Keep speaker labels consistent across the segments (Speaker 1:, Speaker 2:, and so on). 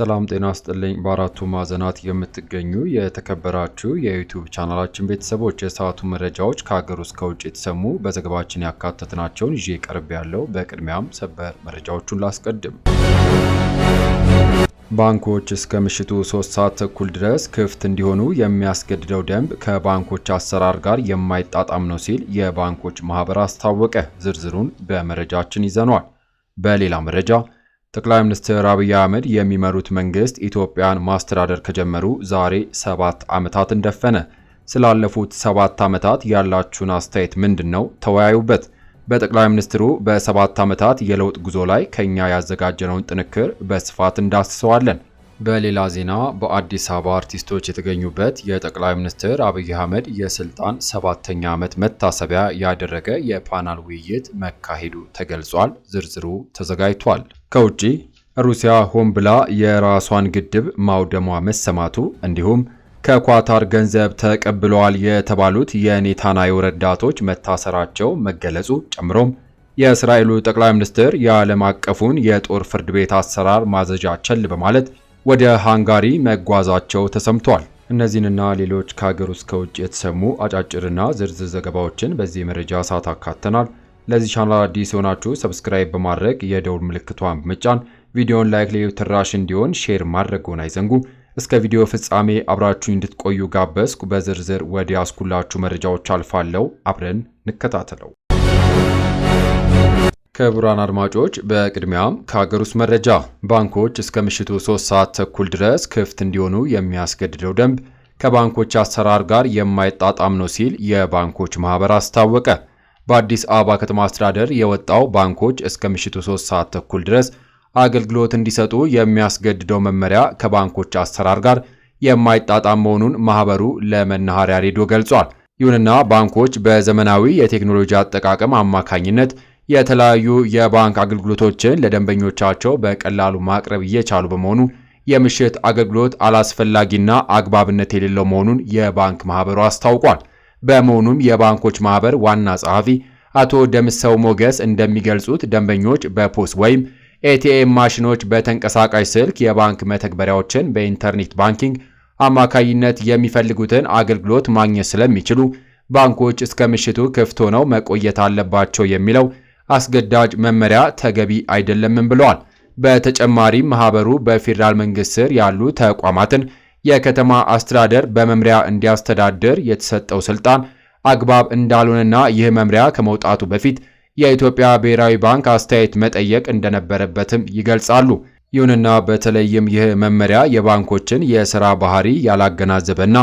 Speaker 1: ሰላም ጤና ስጥልኝ። በአራቱ ማዕዘናት የምትገኙ የተከበራችሁ የዩቲዩብ ቻናላችን ቤተሰቦች የሰዓቱ መረጃዎች ከሀገር ውስጥ ከውጭ የተሰሙ በዘገባችን ያካተትናቸውን ይዤ ቀርብ ያለው። በቅድሚያም ሰበር መረጃዎቹን ላስቀድም። ባንኮች እስከ ምሽቱ ሶስት ሰዓት ተኩል ድረስ ክፍት እንዲሆኑ የሚያስገድደው ደንብ ከባንኮች አሰራር ጋር የማይጣጣም ነው ሲል የባንኮች ማህበር አስታወቀ። ዝርዝሩን በመረጃችን ይዘኗል። በሌላ መረጃ ጠቅላይ ሚኒስትር አብይ አህመድ የሚመሩት መንግስት ኢትዮጵያን ማስተዳደር ከጀመሩ ዛሬ ሰባት ዓመታትን ደፈነ። ስላለፉት ሰባት ዓመታት ያላችሁን አስተያየት ምንድን ነው? ተወያዩበት። በጠቅላይ ሚኒስትሩ በሰባት ዓመታት የለውጥ ጉዞ ላይ ከኛ ያዘጋጀነውን ጥንክር በስፋት እንዳስሰዋለን። በሌላ ዜና በአዲስ አበባ አርቲስቶች የተገኙበት የጠቅላይ ሚኒስትር አብይ አህመድ የስልጣን ሰባተኛ ዓመት መታሰቢያ ያደረገ የፓናል ውይይት መካሄዱ ተገልጿል። ዝርዝሩ ተዘጋጅቷል። ከውጪ ሩሲያ ሆን ብላ የራሷን ግድብ ማውደሟ መሰማቱ እንዲሁም ከኳታር ገንዘብ ተቀብለዋል የተባሉት የኔታና ረዳቶች መታሰራቸው መገለጹ ጨምሮም የእስራኤሉ ጠቅላይ ሚኒስትር የዓለም አቀፉን የጦር ፍርድ ቤት አሰራር ማዘዣ ቸል በማለት ወደ ሃንጋሪ መጓዛቸው ተሰምቷል። እነዚህንና ሌሎች ከሀገር ውስጥ ከውጭ የተሰሙ አጫጭርና ዝርዝር ዘገባዎችን በዚህ መረጃ ሰዓት አካተናል። ለዚህ ቻናል አዲስ የሆናችሁ ሰብስክራይብ በማድረግ የደውል ምልክቷን በመጫን ቪዲዮን ላይክ ላይ ተደራሽ እንዲሆን ሼር ማድረግዎን አይዘንጉ። እስከ ቪዲዮ ፍጻሜ አብራችሁ እንድትቆዩ ጋበዝኩ። በዝርዝር ወደ ያስኩላችሁ መረጃዎች አልፋለሁ። አብረን እንከታተለው። ክቡራን አድማጮች በቅድሚያም ከሀገር ውስጥ መረጃ ባንኮች እስከ ምሽቱ 3 ሰዓት ተኩል ድረስ ክፍት እንዲሆኑ የሚያስገድደው ደንብ ከባንኮች አሰራር ጋር የማይጣጣም ነው ሲል የባንኮች ማህበር አስታወቀ። በአዲስ አበባ ከተማ አስተዳደር የወጣው ባንኮች እስከ ምሽቱ 3 ሰዓት ተኩል ድረስ አገልግሎት እንዲሰጡ የሚያስገድደው መመሪያ ከባንኮች አሰራር ጋር የማይጣጣም መሆኑን ማህበሩ ለመናኸሪያ ሬዲዮ ገልጿል። ይሁንና ባንኮች በዘመናዊ የቴክኖሎጂ አጠቃቀም አማካኝነት የተለያዩ የባንክ አገልግሎቶችን ለደንበኞቻቸው በቀላሉ ማቅረብ እየቻሉ በመሆኑ የምሽት አገልግሎት አላስፈላጊና አግባብነት የሌለው መሆኑን የባንክ ማህበሩ አስታውቋል። በመሆኑም የባንኮች ማህበር ዋና ጸሐፊ አቶ ደምሰው ሞገስ እንደሚገልጹት ደንበኞች በፖስ ወይም ኤቲኤም ማሽኖች፣ በተንቀሳቃሽ ስልክ የባንክ መተግበሪያዎችን በኢንተርኔት ባንኪንግ አማካይነት የሚፈልጉትን አገልግሎት ማግኘት ስለሚችሉ ባንኮች እስከ ምሽቱ ክፍት ሆነው መቆየት አለባቸው የሚለው አስገዳጅ መመሪያ ተገቢ አይደለምም ብለዋል። በተጨማሪም ማህበሩ በፌዴራል መንግሥት ስር ያሉ ተቋማትን የከተማ አስተዳደር በመምሪያ እንዲያስተዳድር የተሰጠው ስልጣን አግባብ እንዳልሆነና ይህ መምሪያ ከመውጣቱ በፊት የኢትዮጵያ ብሔራዊ ባንክ አስተያየት መጠየቅ እንደነበረበትም ይገልጻሉ። ይሁንና በተለይም ይህ መመሪያ የባንኮችን የሥራ ባህሪ ያላገናዘበና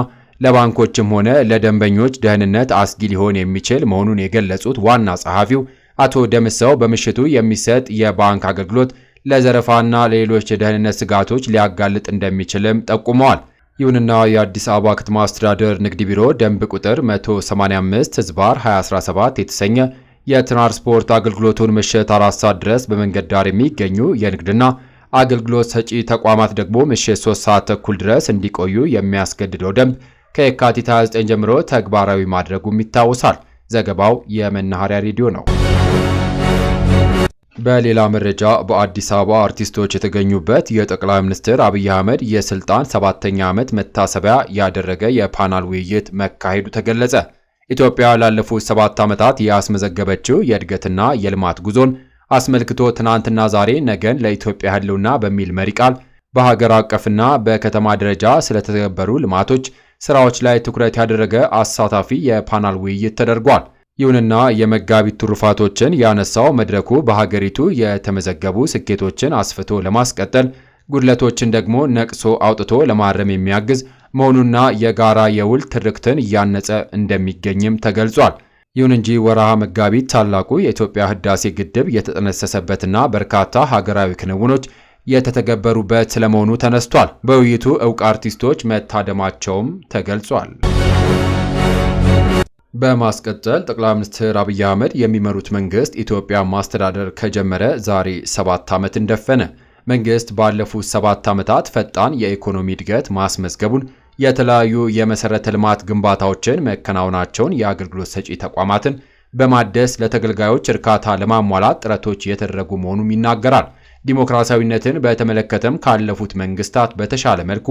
Speaker 1: ለባንኮችም ሆነ ለደንበኞች ደህንነት አስጊ ሊሆን የሚችል መሆኑን የገለጹት ዋና ጸሐፊው አቶ ደምሰው በምሽቱ የሚሰጥ የባንክ አገልግሎት ለዘረፋና ለሌሎች የደህንነት ስጋቶች ሊያጋልጥ እንደሚችልም ጠቁመዋል። ይሁንና የአዲስ አበባ ከተማ አስተዳደር ንግድ ቢሮ ደንብ ቁጥር 185 ህዝባር 2017 የተሰኘ የትራንስፖርት አገልግሎቱን ምሽት አራት ሰዓት ድረስ በመንገድ ዳር የሚገኙ የንግድና አገልግሎት ሰጪ ተቋማት ደግሞ ምሽት 3 ሰዓት ተኩል ድረስ እንዲቆዩ የሚያስገድደው ደንብ ከየካቲት 29 ጀምሮ ተግባራዊ ማድረጉም ይታወሳል። ዘገባው የመናኸሪያ ሬዲዮ ነው። በሌላ መረጃ በአዲስ አበባ አርቲስቶች የተገኙበት የጠቅላይ ሚኒስትር አብይ አህመድ የስልጣን ሰባተኛ ዓመት መታሰቢያ ያደረገ የፓናል ውይይት መካሄዱ ተገለጸ። ኢትዮጵያ ላለፉት ሰባት ዓመታት ያስመዘገበችው የእድገትና የልማት ጉዞን አስመልክቶ ትናንትና ዛሬ ነገን ለኢትዮጵያ ህልውና በሚል መሪ ቃል በሀገር አቀፍና በከተማ ደረጃ ስለተገበሩ ልማቶች ስራዎች ላይ ትኩረት ያደረገ አሳታፊ የፓናል ውይይት ተደርጓል። ይሁንና የመጋቢት ትሩፋቶችን ያነሳው መድረኩ በሀገሪቱ የተመዘገቡ ስኬቶችን አስፍቶ ለማስቀጠል ጉድለቶችን ደግሞ ነቅሶ አውጥቶ ለማረም የሚያግዝ መሆኑና የጋራ የውል ትርክትን እያነጸ እንደሚገኝም ተገልጿል። ይሁን እንጂ ወርሃ መጋቢት ታላቁ የኢትዮጵያ ህዳሴ ግድብ የተጠነሰሰበትና በርካታ ሀገራዊ ክንውኖች የተተገበሩበት ስለመሆኑ ተነስቷል። በውይይቱ እውቅ አርቲስቶች መታደማቸውም ተገልጿል። በማስቀጠል ጠቅላይ ሚኒስትር አብይ አህመድ የሚመሩት መንግስት ኢትዮጵያ ማስተዳደር ከጀመረ ዛሬ ሰባት ዓመትን ደፈነ። መንግስት ባለፉት ሰባት ዓመታት ፈጣን የኢኮኖሚ እድገት ማስመዝገቡን፣ የተለያዩ የመሠረተ ልማት ግንባታዎችን መከናወናቸውን፣ የአገልግሎት ሰጪ ተቋማትን በማደስ ለተገልጋዮች እርካታ ለማሟላት ጥረቶች እየተደረጉ መሆኑም ይናገራል። ዲሞክራሲያዊነትን በተመለከተም ካለፉት መንግስታት በተሻለ መልኩ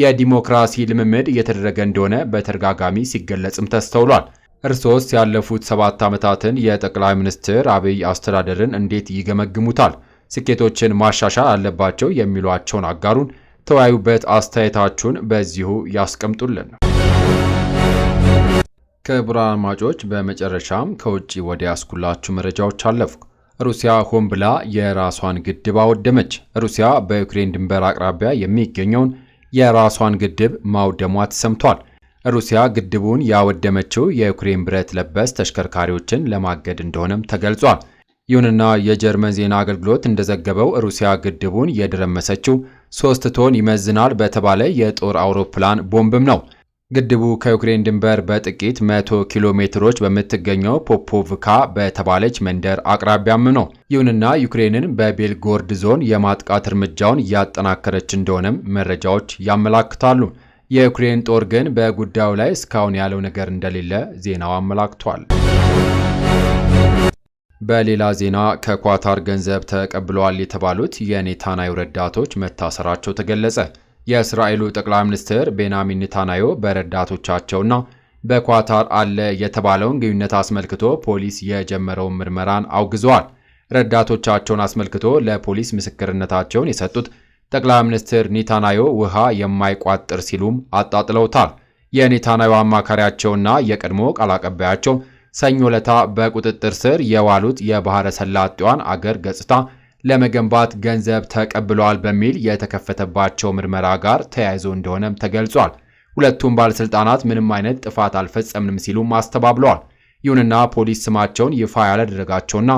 Speaker 1: የዲሞክራሲ ልምምድ እየተደረገ እንደሆነ በተደጋጋሚ ሲገለጽም ተስተውሏል። እርሶስ ያለፉት ሰባት ዓመታትን የጠቅላይ ሚኒስትር አብይ አስተዳደርን እንዴት ይገመግሙታል? ስኬቶችን ማሻሻል አለባቸው የሚሏቸውን አጋሩን ተወያዩበት። አስተያየታችሁን በዚሁ ያስቀምጡልን። ክቡራን አድማጮች፣ በመጨረሻም ከውጭ ወደ ያስኩላችሁ መረጃዎች አለፉ። ሩሲያ ሆን ብላ የራሷን ግድብ አወደመች። ሩሲያ በዩክሬን ድንበር አቅራቢያ የሚገኘውን የራሷን ግድብ ማውደሟ ተሰምቷል። ሩሲያ ግድቡን ያወደመችው የዩክሬን ብረት ለበስ ተሽከርካሪዎችን ለማገድ እንደሆነም ተገልጿል። ይሁንና የጀርመን ዜና አገልግሎት እንደዘገበው ሩሲያ ግድቡን የደረመሰችው ሶስት ቶን ይመዝናል በተባለ የጦር አውሮፕላን ቦምብም ነው። ግድቡ ከዩክሬን ድንበር በጥቂት መቶ ኪሎ ሜትሮች በምትገኘው ፖፖቭካ በተባለች መንደር አቅራቢያም ነው። ይሁንና ዩክሬንን በቤልጎርድ ዞን የማጥቃት እርምጃውን እያጠናከረች እንደሆነም መረጃዎች ያመላክታሉ። የዩክሬን ጦር ግን በጉዳዩ ላይ እስካሁን ያለው ነገር እንደሌለ ዜናው አመላክቷል። በሌላ ዜና ከኳታር ገንዘብ ተቀብለዋል የተባሉት የኔታና ረዳቶች መታሰራቸው ተገለጸ። የእስራኤሉ ጠቅላይ ሚኒስትር ቤንያሚን ኔታንያሁ በረዳቶቻቸውና በኳታር አለ የተባለውን ግንኙነት አስመልክቶ ፖሊስ የጀመረውን ምርመራን አውግዘዋል። ረዳቶቻቸውን አስመልክቶ ለፖሊስ ምስክርነታቸውን የሰጡት ጠቅላይ ሚኒስትር ኔታንያሁ ውሃ የማይቋጥር ሲሉም አጣጥለውታል። የኔታንያሁ አማካሪያቸውና የቀድሞ ቃል አቀባያቸው ሰኞ ለታ በቁጥጥር ስር የዋሉት የባህረ ሰላጤዋን አገር ገጽታ ለመገንባት ገንዘብ ተቀብለዋል በሚል የተከፈተባቸው ምርመራ ጋር ተያይዞ እንደሆነም ተገልጿል። ሁለቱም ባለስልጣናት ምንም አይነት ጥፋት አልፈጸምንም ሲሉም አስተባብለዋል። ይሁንና ፖሊስ ስማቸውን ይፋ ያላደረጋቸውና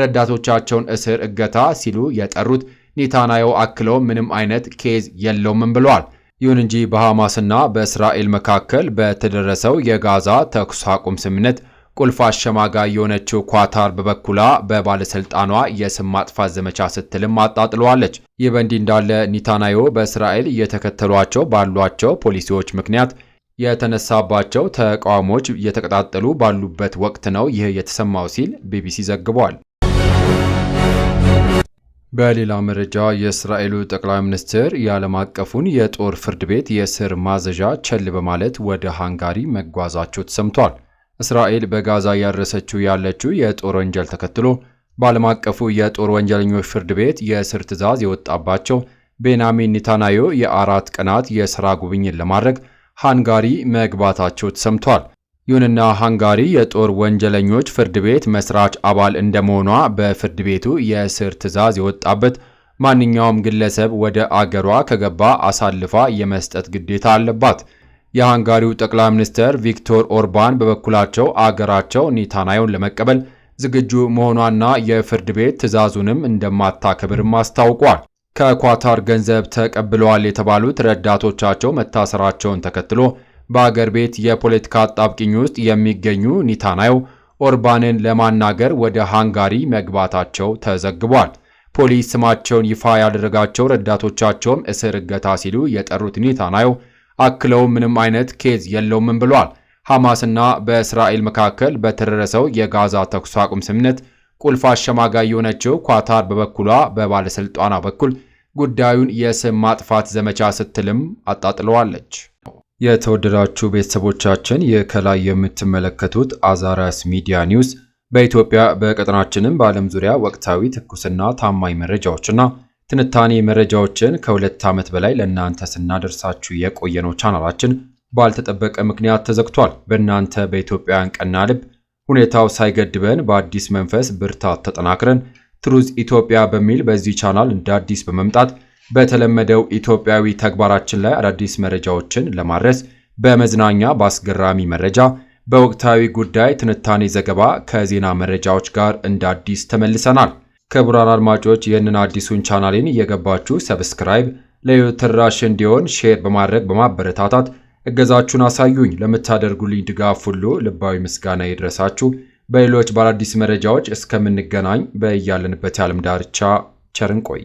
Speaker 1: ረዳቶቻቸውን እስር፣ እገታ ሲሉ የጠሩት ኔታናዮ አክለው ምንም አይነት ኬዝ የለውም ብለዋል። ይሁን እንጂ በሐማስና በእስራኤል መካከል በተደረሰው የጋዛ ተኩስ አቁም ስምምነት ቁልፍ አሸማጋይ የሆነችው ኳታር በበኩላ በባለስልጣኗ የስም ማጥፋት ዘመቻ ስትልም አጣጥለዋለች። ይህ በእንዲህ እንዳለ ኒታናዮ በእስራኤል እየተከተሏቸው ባሏቸው ፖሊሲዎች ምክንያት የተነሳባቸው ተቃውሞዎች እየተቀጣጠሉ ባሉበት ወቅት ነው ይህ የተሰማው ሲል ቢቢሲ ዘግቧል። በሌላ መረጃ የእስራኤሉ ጠቅላይ ሚኒስትር የዓለም አቀፉን የጦር ፍርድ ቤት የስር ማዘዣ ቸል በማለት ወደ ሃንጋሪ መጓዛቸው ተሰምቷል። እስራኤል በጋዛ እያደረሰችው ያለችው የጦር ወንጀል ተከትሎ በዓለም አቀፉ የጦር ወንጀለኞች ፍርድ ቤት የእስር ትዕዛዝ የወጣባቸው ቤንያሚን ኔታንያሁ የአራት ቀናት የሥራ ጉብኝት ለማድረግ ሃንጋሪ መግባታቸው ተሰምቷል። ይሁንና ሃንጋሪ የጦር ወንጀለኞች ፍርድ ቤት መስራች አባል እንደመሆኗ በፍርድ ቤቱ የእስር ትዕዛዝ የወጣበት ማንኛውም ግለሰብ ወደ አገሯ ከገባ አሳልፋ የመስጠት ግዴታ አለባት። የሃንጋሪው ጠቅላይ ሚኒስትር ቪክቶር ኦርባን በበኩላቸው አገራቸው ኔታናዮን ለመቀበል ዝግጁ መሆኗና የፍርድ ቤት ትዕዛዙንም እንደማታከብርም አስታውቋል። ከኳታር ገንዘብ ተቀብለዋል የተባሉት ረዳቶቻቸው መታሰራቸውን ተከትሎ በአገር ቤት የፖለቲካ አጣብቂኝ ውስጥ የሚገኙ ኔታንያሁ ኦርባንን ለማናገር ወደ ሃንጋሪ መግባታቸው ተዘግቧል። ፖሊስ ስማቸውን ይፋ ያደረጋቸው ረዳቶቻቸውም እስር እገታ ሲሉ የጠሩት ኔታንያሁ አክለው ምንም አይነት ኬዝ የለውም ብሏል። ሐማስና በእስራኤል መካከል በተደረሰው የጋዛ ተኩስ አቁም ስምምነት ቁልፍ አሸማጋይ የሆነችው ኳታር በበኩሏ በባለሥልጣኗ በኩል ጉዳዩን የስም ማጥፋት ዘመቻ ስትልም አጣጥለዋለች። የተወደዳችሁ ቤተሰቦቻችን የከላይ የምትመለከቱት አዛራስ ሚዲያ ኒውስ በኢትዮጵያ በቀጠናችንም በዓለም ዙሪያ ወቅታዊ ትኩስና ታማኝ መረጃዎችና ትንታኔ መረጃዎችን ከሁለት ዓመት በላይ ለእናንተ ስናደርሳችሁ የቆየነው ቻናላችን ባልተጠበቀ ምክንያት ተዘግቷል። በእናንተ በኢትዮጵያውያን ቀና ልብ ሁኔታው ሳይገድበን በአዲስ መንፈስ ብርታት ተጠናክረን ትሩዝ ኢትዮጵያ በሚል በዚህ ቻናል እንደ አዲስ በመምጣት በተለመደው ኢትዮጵያዊ ተግባራችን ላይ አዳዲስ መረጃዎችን ለማድረስ በመዝናኛ በአስገራሚ መረጃ፣ በወቅታዊ ጉዳይ ትንታኔ ዘገባ ከዜና መረጃዎች ጋር እንደ አዲስ ተመልሰናል። ክቡራን አድማጮች ይህንን አዲሱን ቻናሌን እየገባችሁ ሰብስክራይብ ለህይወት ተደራሽ እንዲሆን ሼር በማድረግ በማበረታታት እገዛችሁን አሳዩኝ። ለምታደርጉልኝ ድጋፍ ሁሉ ልባዊ ምስጋና ይድረሳችሁ። በሌሎች ባዳዲስ መረጃዎች እስከምንገናኝ በያለንበት የዓለም ዳርቻ ቸርን ቆይ